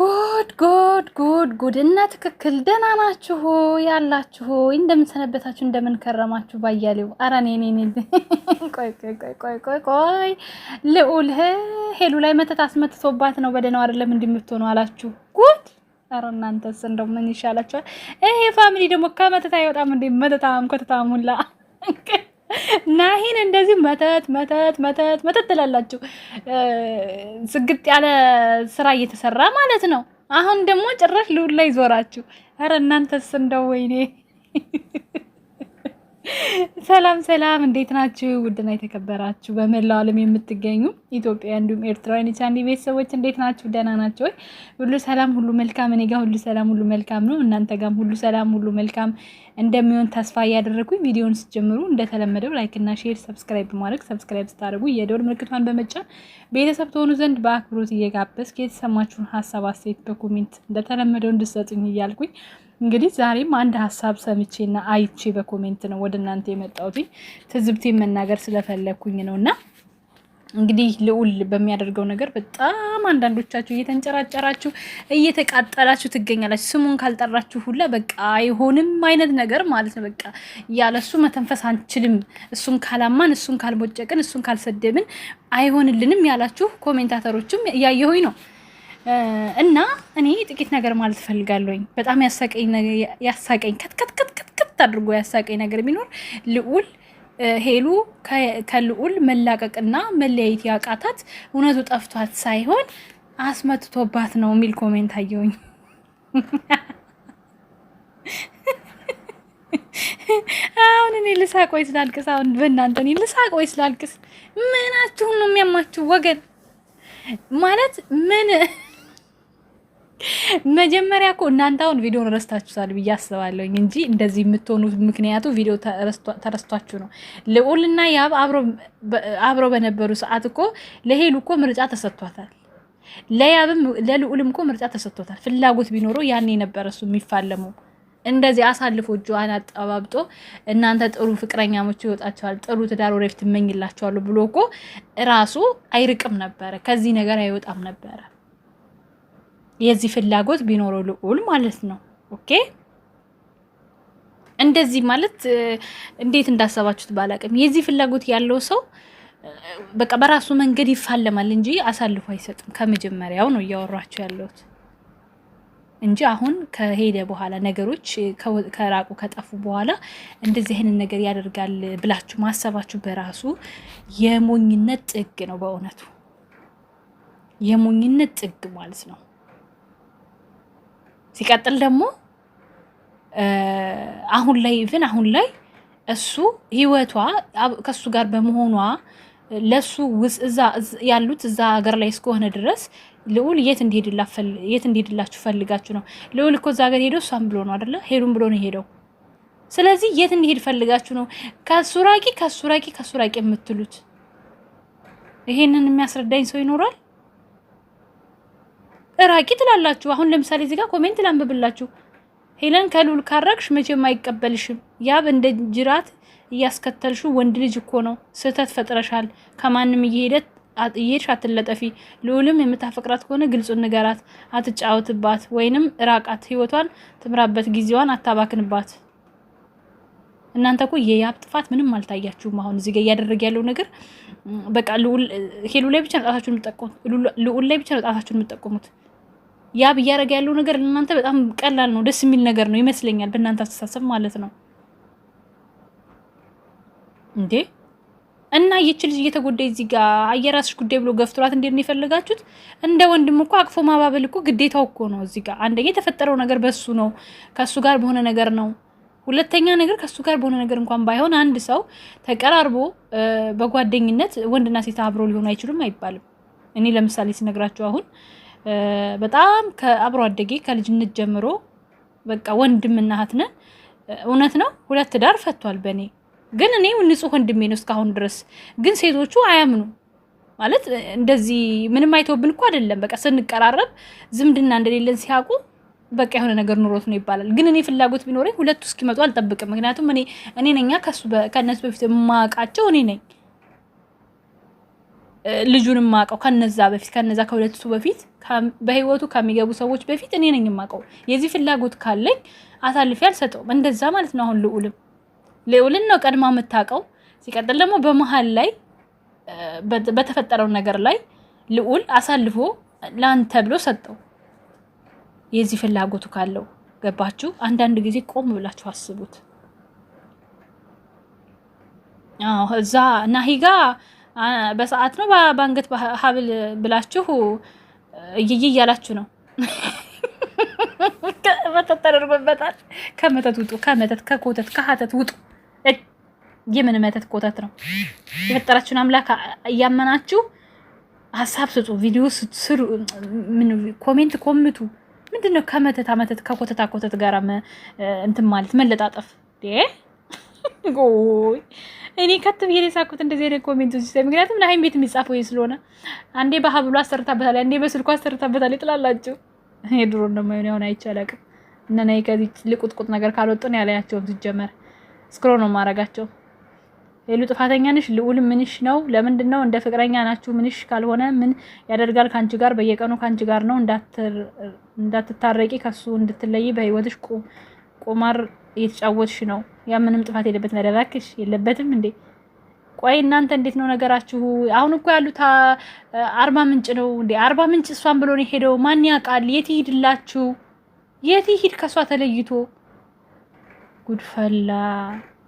ጉድ ጉድ ጉድ ጉድ እና ትክክል። ደህና ናችሁ ያላችሁ እንደምንሰነበታችሁ እንደምንከረማችሁ ባያሌው አራኔኔኔ ቆይ ቆይ ቆይ ቆይ ቆይ ልዑል ሄሉ ላይ መተት አስመትቶባት ነው። በደህናው አይደለም ነው አላችሁ። ጉድ ኧረ እናንተስ እንደው ምን ይሻላችኋል? ይሄ ፋሚሊ ደግሞ ከመተት አይወጣም እንዴ? መተታም ኮተታም ሁላ ናሂን እንደዚህ መተት መተት መተት መተት ትላላችሁ። ስግጥ ያለ ስራ እየተሰራ ማለት ነው። አሁን ደግሞ ጭራሽ ልውል ላይ ዞራችሁ። ኧረ እናንተስ እንደው ወይኔ ሰላም ሰላም፣ እንዴት ናችሁ? ውድና የተከበራችሁ በመላው ዓለም የምትገኙ ኢትዮጵያ እንዲሁም ኤርትራውያን የቻንዲ ቤተሰቦች እንዴት ናችሁ? ደህና ናቸው ወይ? ሁሉ ሰላም፣ ሁሉ መልካም። እኔ ጋር ሁሉ ሰላም፣ ሁሉ መልካም ነው። እናንተ ጋርም ሁሉ ሰላም፣ ሁሉ መልካም እንደሚሆን ተስፋ እያደረግኩኝ ቪዲዮውን ስትጀምሩ እንደተለመደው ላይክ እና ሼር፣ ሰብስክራይብ በማድረግ ሰብስክራይብ ስታደርጉ የደወል ምልክቷን በመጫን ቤተሰብ ተሆኑ ዘንድ በአክብሮት እየጋበዝኩ የተሰማችሁን ሀሳብ አስተያየት በኮሜንት እንደተለመደው እንድሰጡኝ እያልኩኝ እንግዲህ ዛሬም አንድ ሀሳብ ሰምቼና አይቼ በኮሜንት ነው ወደ እናንተ የመጣሁት ትዝብቴን መናገር ስለፈለግኩኝ ነው እና እንግዲህ ልዑል በሚያደርገው ነገር በጣም አንዳንዶቻችሁ እየተንጨራጨራችሁ እየተቃጠላችሁ ትገኛላችሁ። ስሙን ካልጠራችሁ ሁላ በቃ አይሆንም አይነት ነገር ማለት ነው። በቃ ያለሱ መተንፈስ አንችልም፣ እሱን ካላማን፣ እሱን ካልቦጨቅን፣ እሱን ካልሰደብን አይሆንልንም ያላችሁ ኮሜንታተሮችም እያየሁኝ ነው። እና እኔ ጥቂት ነገር ማለት እፈልጋለሁኝ። በጣም ያሳቀኝ ከትከትከትከት አድርጎ ያሳቀኝ ነገር ቢኖር ልዑል ሄሉ ከልዑል መላቀቅና መለያየት ያቃታት እውነቱ ጠፍቷት ሳይሆን አስመትቶባት ነው የሚል ኮሜንት አየውኝ። አሁን እኔ ልሳቅ ወይ ስላልቅስ? አሁን በእናንተ እኔ ልሳቅ ወይ ስላልቅስ? ምናችሁን ነው የሚያማችሁ ወገን ማለት ምን መጀመሪያ እኮ እናንተ አሁን ቪዲዮን ረስታችሁታል ብዬ አስባለሁ እንጂ እንደዚህ የምትሆኑት ምክንያቱ ቪዲዮ ተረስቷችሁ ነው። ልዑልና ያብ አብሮ በነበሩ ሰዓት እኮ ለሄሉ እኮ ምርጫ ተሰጥቷታል። ለያብም ለልዑልም እኮ ምርጫ ተሰጥቶታል። ፍላጎት ቢኖረው ያኔ ነበረ እሱ የሚፋለመው። እንደዚህ አሳልፎ እጇን አጠባብጦ እናንተ ጥሩ ፍቅረኛሞች ይወጣቸዋል፣ ጥሩ ትዳር ወደፊት እመኝላቸዋለሁ ብሎ እኮ ራሱ አይርቅም ነበረ፣ ከዚህ ነገር አይወጣም ነበረ። የዚህ ፍላጎት ቢኖረው ልዑል ማለት ነው። ኦኬ እንደዚህ ማለት እንዴት እንዳሰባችሁት ባላቅም የዚህ ፍላጎት ያለው ሰው በቃ በራሱ መንገድ ይፋለማል እንጂ አሳልፎ አይሰጥም። ከመጀመሪያው ነው እያወራችሁ ያለሁት እንጂ አሁን ከሄደ በኋላ ነገሮች ከራቁ ከጠፉ በኋላ እንደዚህ አይነት ነገር ያደርጋል ብላችሁ ማሰባችሁ በራሱ የሞኝነት ጥግ ነው። በእውነቱ የሞኝነት ጥግ ማለት ነው። ሲቀጥል ደግሞ አሁን ላይ ኢቭን አሁን ላይ እሱ ህይወቷ ከሱ ጋር በመሆኗ ለሱ ያሉት እዛ ሀገር ላይ እስከሆነ ድረስ ልዑል የት እንዲሄድላችሁ ፈልጋችሁ ነው? ልዑል እኮ እዛ ሀገር ሄደው እሷን ብሎ ነው አደለ? ሄዱን ብሎ ነው ሄደው። ስለዚህ የት እንዲሄድ ፈልጋችሁ ነው ከሱ ራቂ፣ ከሱ ራቂ፣ ከሱ ራቂ የምትሉት? ይሄንን የሚያስረዳኝ ሰው ይኖራል? እራቂ ትላላችሁ። አሁን ለምሳሌ እዚህ ጋር ኮሜንት ላንብብላችሁ። ሄለን ከሉል ካረግሽ መቼም አይቀበልሽም። ያብ እንደ ጅራት እያስከተልሽው ወንድ ልጅ እኮ ነው። ስህተት ፈጥረሻል። ከማንም እየሄደት እየሄድሽ አትለጠፊ። ልዑልም የምታፈቅራት ከሆነ ግልጹን ንገራት። አትጫወትባት፣ ወይንም እራቃት። ህይወቷን ትምራበት፣ ጊዜዋን አታባክንባት። እናንተ እኮ የያብ ጥፋት ምንም አልታያችሁም። አሁን እዚህ ጋር እያደረገ ያለው ነገር በቃ ሄሉ ላይ ብቻ ነው ጣታችሁን የምትጠቁሙት፣ ልዑል ላይ ብቻ ነው ጣታችሁን የምትጠቁሙት። ያብ እያደረገ ያለው ነገር ለእናንተ በጣም ቀላል ነው፣ ደስ የሚል ነገር ነው ይመስለኛል፣ በእናንተ አስተሳሰብ ማለት ነው። እንዴ እና ይቺ ልጅ እየተጎዳ እዚህ ጋር የራስሽ ጉዳይ ብሎ ገፍትሯት እንዴት ነው የፈለጋችሁት? እንደ ወንድም እኮ አቅፎ ማባበል እኮ ግዴታው እኮ ነው። እዚህ ጋር አንደኛ የተፈጠረው ነገር በሱ ነው፣ ከሱ ጋር በሆነ ነገር ነው። ሁለተኛ ነገር ከሱ ጋር በሆነ ነገር እንኳን ባይሆን አንድ ሰው ተቀራርቦ በጓደኝነት ወንድና ሴት አብሮ ሊሆን አይችሉም አይባልም። እኔ ለምሳሌ ሲነግራችሁ አሁን በጣም ከአብሮ አደጌ ከልጅነት ጀምሮ በቃ ወንድምና እህት ነን። እውነት ነው ሁለት ዳር ፈቷል። በእኔ ግን እኔ ንጹህ ወንድሜ ነው እስካሁን ድረስ። ግን ሴቶቹ አያምኑ ማለት እንደዚህ ምንም አይተውብን እኮ አይደለም። በቃ ስንቀራረብ ዝምድና እንደሌለን ሲያውቁ በቃ የሆነ ነገር ኑሮት ነው ይባላል። ግን እኔ ፍላጎት ቢኖረኝ ሁለቱ እስኪመጡ አልጠብቅም። ምክንያቱም እኔ እኔ ነኛ ከእነሱ በፊት የማውቃቸው እኔ ነኝ ልጁን የማውቀው ከነዛ በፊት ከነዛ ከሁለቱ በፊት በህይወቱ ከሚገቡ ሰዎች በፊት እኔ ነኝ የማውቀው። የዚህ ፍላጎት ካለኝ አሳልፌ አልሰጠውም። እንደዛ ማለት ነው። አሁን ልዑልም ልዑልን ነው ቀድማ የምታውቀው። ሲቀጥል ደግሞ በመሀል ላይ በተፈጠረው ነገር ላይ ልዑል አሳልፎ ለአንተ ብሎ ሰጠው። የዚህ ፍላጎቱ ካለው ገባችሁ? አንዳንድ ጊዜ ቆም ብላችሁ አስቡት። እዛ ናሂ ጋ በሰዓት ነው በአንገት ሀብል ብላችሁ እይይ እያላችሁ ነው። መተት ተደርጎበታል። ከመተት ውጡ፣ ከመተት ከኮተት ከሀተት ውጡ። የምን መተት ኮተት ነው? የፈጠራችሁን አምላክ እያመናችሁ ሀሳብ ስጡ፣ ቪዲዮ ስሩ፣ ኮሜንት ኮምቱ። ምንድን ነው ከመተት አመተት ከኮተት ኮተት ጋር እንትን ማለት መለጣጠፍ ንጎይ እኔ ከት ብዬ የሳኩት እንደዚህ አይነት ኮሜንት ውስጥ ምክንያቱም ለሀይም ቤት የሚጻፈው ይህ ስለሆነ አንዴ በሀብሉ አሰርታበታል፣ አንዴ በስልኩ አሰርታበታል ትላላችሁ። የድሮ እንደማይሆን ያሁን አይቻላቅም። እነ ነይ ከዚህ ልቁጥቁጥ ነገር ካልወጡን ያላያቸውም ሲጀመር ስክሮ ነው ማረጋቸው። ሌሉ ጥፋተኛ ነሽ ልዑል ምንሽ ነው? ለምንድን ነው እንደ ፍቅረኛ ናችሁ? ምንሽ ካልሆነ ምን ያደርጋል? ከአንቺ ጋር በየቀኑ ከአንቺ ጋር ነው። እንዳትታረቂ ከሱ እንድትለይ በህይወትሽ ቁማር እየተጫወትሽ ነው። ያ ምንም ጥፋት የለበትም። ያደራክሽ የለበትም እንዴ? ቆይ እናንተ እንዴት ነው ነገራችሁ? አሁን እኮ ያሉት አርባ ምንጭ ነው እንዴ? አርባ ምንጭ እሷን ብሎ ነው ሄደው። ማን ያውቃል? የት ይሄድላችሁ? የት ይሄድ ከእሷ ተለይቶ? ጉድፈላ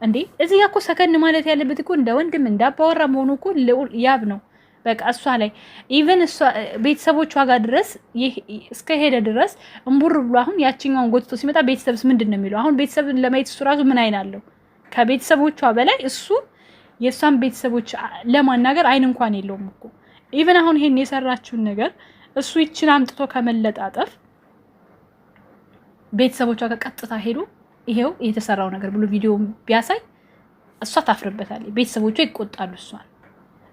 እንዴ! እዚህ ጋ እኮ ሰከን ማለት ያለበት እኮ እንደ ወንድም እንደ አባወራ መሆኑ እኮ ያብ ነው። በቃ እሷ ላይ ኢቨን እሷ ቤተሰቦቿ ጋር ድረስ እስከሄደ ድረስ እምቡር ብሎ አሁን ያችኛውን ጎትቶ ሲመጣ ቤተሰብስ ምንድን ነው የሚለው? አሁን ቤተሰብን ለማየት እሱ ራሱ ምን አይን አለው? ከቤተሰቦቿ በላይ እሱ የእሷን ቤተሰቦች ለማናገር አይን እንኳን የለውም እኮ። ኢቨን አሁን ይሄን የሰራችውን ነገር እሱ ይችን አምጥቶ ከመለጣጠፍ ቤተሰቦቿ ጋር ቀጥታ ሄዱ ይሄው የተሰራው ነገር ብሎ ቪዲዮ ቢያሳይ እሷ ታፍርበታለች። ቤተሰቦቿ ይቆጣሉ እሷን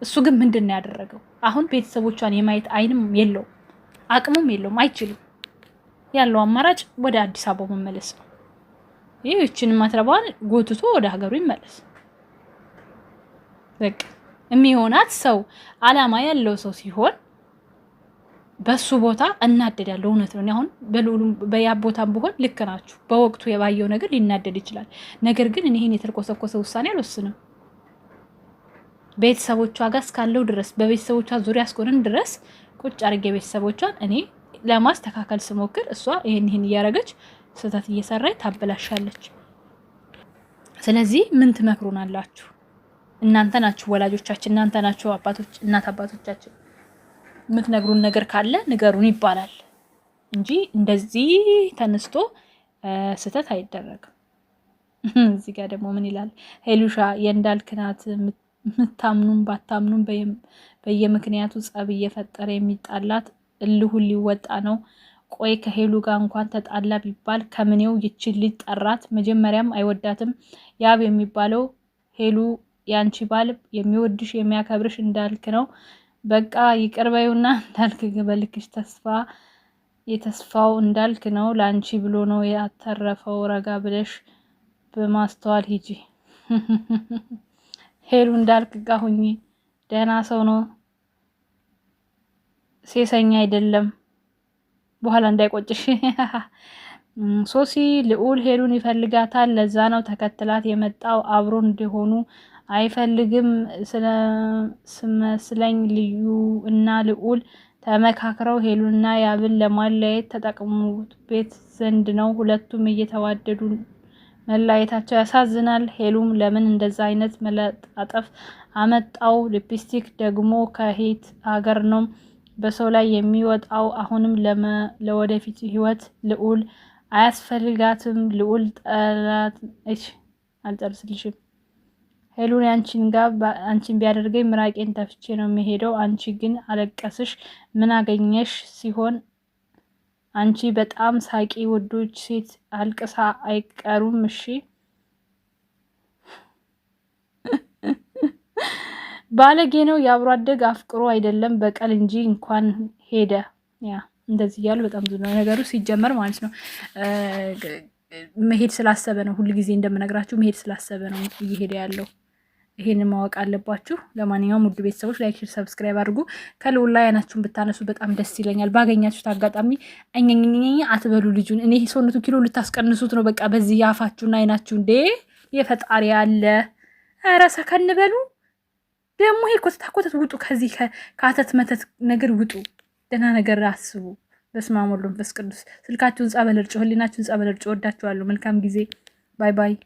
እሱ ግን ምንድን ነው ያደረገው? አሁን ቤተሰቦቿን የማየት አይንም የለውም፣ አቅሙም የለውም፣ አይችልም። ያለው አማራጭ ወደ አዲስ አበባ መመለስ ነው። ይችን ማትረባን ጎትቶ ወደ ሀገሩ ይመለስ። በቃ የሚሆናት ሰው አላማ ያለው ሰው ሲሆን በሱ ቦታ እናደዳለሁ። እውነት ነው። አሁን በልዑሉ በያ ቦታ ብሆን ልክ ናችሁ። በወቅቱ የባየው ነገር ሊናደድ ይችላል። ነገር ግን እኔህን ይህን ውሳኔ አልወስንም። ቤተሰቦቿ ጋር እስካለው ድረስ በቤተሰቦቿ ዙሪያ እስኮንን ድረስ ቁጭ አድርጌ ቤተሰቦቿን እኔ ለማስተካከል ስሞክር እሷ ይህን ይህን እያደረገች ስህተት እየሰራች ታበላሻለች። ስለዚህ ምን ትመክሩን አላችሁ? እናንተ ናችሁ ወላጆቻችን፣ እናንተ ናችሁ አባቶች፣ እናት አባቶቻችን። የምትነግሩን ነገር ካለ ንገሩን ይባላል እንጂ እንደዚህ ተነስቶ ስህተት አይደረግም። እዚህ ጋር ደግሞ ምን ይላል ሄሉሻ የእንዳልክናት ምታምኑም ባታምኑም በየምክንያቱ ጸብ እየፈጠረ የሚጣላት እልሁን ሊወጣ ነው። ቆይ ከሄሉ ጋር እንኳን ተጣላ ቢባል ከምኔው ይችን ልጅ ጠራት? መጀመሪያም አይወዳትም። ያብ የሚባለው ሄሉ ያንቺ ባል የሚወድሽ የሚያከብርሽ እንዳልክ ነው። በቃ ይቅርበዩና እንዳልክ በልክሽ ተስፋ የተስፋው እንዳልክ ነው። ለአንቺ ብሎ ነው ያተረፈው። ረጋ ብለሽ በማስተዋል ሂጂ። ሄሉ እንዳልክ ጋ ሁኚ፣ ደህና ሰው ነው፣ ሴሰኛ አይደለም፣ በኋላ እንዳይቆጭሽ። ሶሲ ልዑል ሄሉን ይፈልጋታል። ለዛ ነው ተከትላት የመጣው። አብሮ እንዲሆኑ አይፈልግም ስመስለኝ። ልዩ እና ልዑል ተመካክረው ሄሉና ያብን ለማለያየት ተጠቅሙት ቤት ዘንድ ነው። ሁለቱም እየተዋደዱ መለያየታቸው ያሳዝናል። ሄሉም ለምን እንደዛ አይነት መለጣጠፍ አመጣው? ሊፕስቲክ ደግሞ ከሄት ሀገር ነው በሰው ላይ የሚወጣው? አሁንም ለወደፊት ህይወት ልዑል አያስፈልጋትም። ልዑል ጠላት አልጨርስልሽም። ሄሉን አንቺን ጋር አንቺን ቢያደርገኝ ምራቄን ተፍቼ ነው የሚሄደው። አንቺ ግን አለቀስሽ ምን አገኘሽ ሲሆን አንቺ በጣም ሳቂ ውዶች፣ ሴት አልቅሳ አይቀሩም። እሺ ባለጌ ነው የአብሮ አደግ አፍቅሮ አይደለም በቀል እንጂ እንኳን ሄደ። ያ እንደዚህ እያሉ በጣም ብዙ ነገሩ ሲጀመር ማለት ነው። መሄድ ስላሰበ ነው። ሁልጊዜ እንደምነግራችሁ መሄድ ስላሰበ ነው እየሄደ ያለው። ይሄንን ማወቅ አለባችሁ። ለማንኛውም ውድ ቤተሰቦች ላይክ፣ ሼር፣ ሰብስክራይብ አድርጉ። ከልዑል ላይ አይናችሁን ብታነሱ በጣም ደስ ይለኛል። ባገኛችሁት አጋጣሚ እኛኛኛኛ አትበሉ ልጁን። እኔ ሰውነቱ ኪሎ ልታስቀንሱት ነው በቃ በዚህ ያፋችሁና አይናችሁ። እንዴ የፈጣሪ አለ። ኧረ ሰከን በሉ ደግሞ። ይሄ ኮተታ ኮተት ውጡ፣ ከዚህ ከአተት መተት ነገር ውጡ። ደህና ነገር አስቡ። በስመ አብ ወወልድ ወመንፈስ ቅዱስ። ስልካችሁን ጸበል እርጩ፣ ህሊናችሁን ጸበል እርጩ። ወዳችኋለሁ። መልካም ጊዜ። ባይ ባይ።